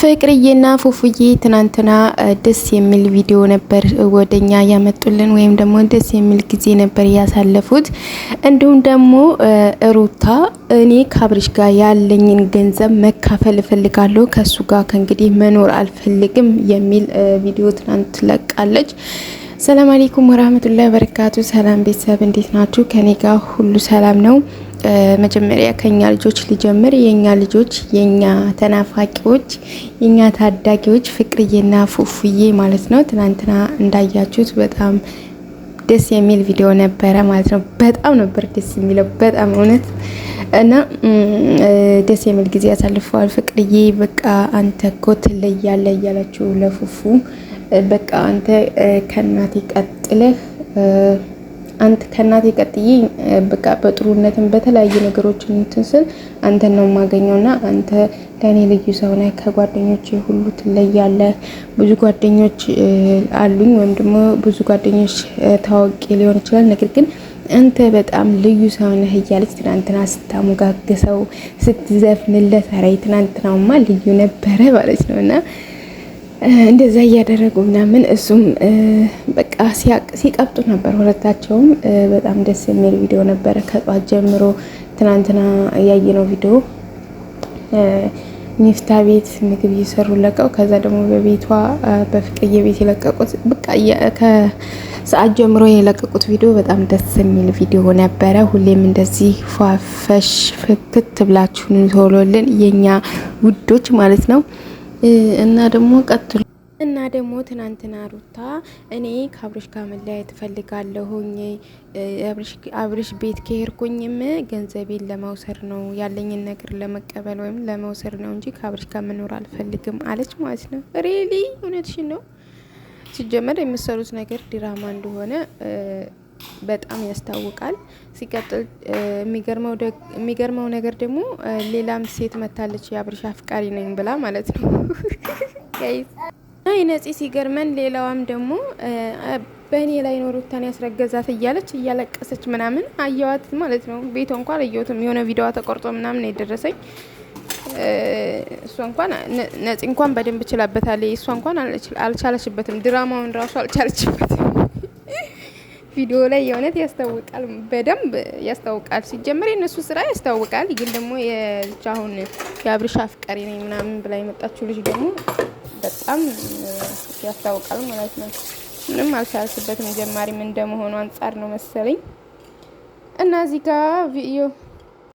ፍቅርዬና ፉፉዬ ትናንትና ደስ የሚል ቪዲዮ ነበር ወደኛ ያመጡልን፣ ወይም ደግሞ ደስ የሚል ጊዜ ነበር ያሳለፉት። እንዲሁም ደግሞ ሩታ እኔ ካብሪሽ ጋር ያለኝን ገንዘብ መካፈል እፈልጋለሁ ከእሱ ጋር ከእንግዲህ መኖር አልፈልግም የሚል ቪዲዮ ትናንት ትለቃለች። ሰላም አሌይኩም ወራህመቱላሂ ወበረካቱ። ሰላም ቤተሰብ እንዴት ናችሁ? ከኔ ጋር ሁሉ ሰላም ነው። መጀመሪያ ከኛ ልጆች ሊጀምር። የኛ ልጆች፣ የኛ ተናፋቂዎች፣ የኛ ታዳጊዎች ፍቅርዬና ፉፉዬ ማለት ነው። ትናንትና እንዳያችሁት በጣም ደስ የሚል ቪዲዮ ነበረ ማለት ነው። በጣም ነበር ደስ የሚለው በጣም እውነት እና ደስ የሚል ጊዜ ያሳልፈዋል። ፍቅርዬ በቃ አንተ እኮ ትለያለህ እያላችሁ ለፉፉ በቃ አንተ ከእናቴ ቀጥለህ አንተ ከእናቴ ቀጥዬ በቃ በጥሩነትም በተለያዩ ነገሮች እንትን ስል አንተ ነው የማገኘውና አንተ ለእኔ ልዩ ሰው ነህ። ከጓደኞች ሁሉ ትለያለህ። ብዙ ጓደኞች አሉኝ ወይም ደግሞ ብዙ ጓደኞች ታዋቂ ሊሆን ይችላል። ነገር ግን አንተ በጣም ልዩ ሰው ነህ እያለች ትናንትና ስታሞጋግሰው ስትዘፍንለት፣ ኧረ ትናንትናውማ ልዩ ነበረ ማለት ነውና እንደዛ እያደረጉ ምናምን እሱም በቃ ሲቀብጡ ነበር ሁለታቸውም። በጣም ደስ የሚል ቪዲዮ ነበረ ከጧት ጀምሮ። ትናንትና ያየነው ቪዲዮ ሚፍታ ቤት ምግብ እየሰሩ ለቀው፣ ከዛ ደግሞ በቤቷ በፍቅዬ ቤት የለቀቁት በቃ ከሰዓት ጀምሮ የለቀቁት ቪዲዮ በጣም ደስ የሚል ቪዲዮ ነበረ። ሁሌም እንደዚህ ፏፈሽ ፍክት ብላችሁን ቶሎልን የኛ ውዶች ማለት ነው። እና ደግሞ ቀጥሎ እና ደግሞ ትናንትና ሩታ እኔ ከአብርሽ ጋር መለያየት እፈልጋለሁኝ አብርሽ ቤት ከሄድኩኝም ገንዘቤን ለመውሰድ ነው ያለኝን ነገር ለመቀበል ወይም ለመውሰድ ነው እንጂ ከአብርሽ ጋር መኖር አልፈልግም አለች ማለት ነው። ሪሊ እውነትሽን ነው። ሲጀመር የምሰሩት ነገር ዲራማ እንደሆነ በጣም ያስታውቃል። ሲቀጥል የሚገርመው ነገር ደግሞ ሌላም ሴት መታለች የአብርሻ አፍቃሪ ነኝ ብላ ማለት ነው። ነፂ ሲገርመን፣ ሌላዋም ደግሞ በእኔ ላይ ነው ያስረገዛት እያለች እያለቀሰች ምናምን አየዋት ማለት ነው። ቤቷ እንኳን አየሁትም የሆነ ቪዲዮዋ ተቆርጦ ምናምን የደረሰኝ እሷ እንኳን ነፂ እንኳን በደንብ ችላበታለች። እሷ እንኳን አልቻለችበትም። ድራማውን ራሱ አልቻለችበት ቪዲዮ ላይ የእውነት ያስታውቃል፣ በደንብ ያስታውቃል። ሲጀመር የእነሱ ስራ ያስታውቃል። ግን ደግሞ የልጅ አሁን የአብርሽ አፍቀሪ ነኝ ምናምን ብላ የመጣችው ልጅ ደግሞ በጣም ያስታውቃል ማለት ነው። ምንም አልቻልሽበትም። ጀማሪም እንደመሆኑ አንጻር ነው መሰለኝ እና እዚህ ጋር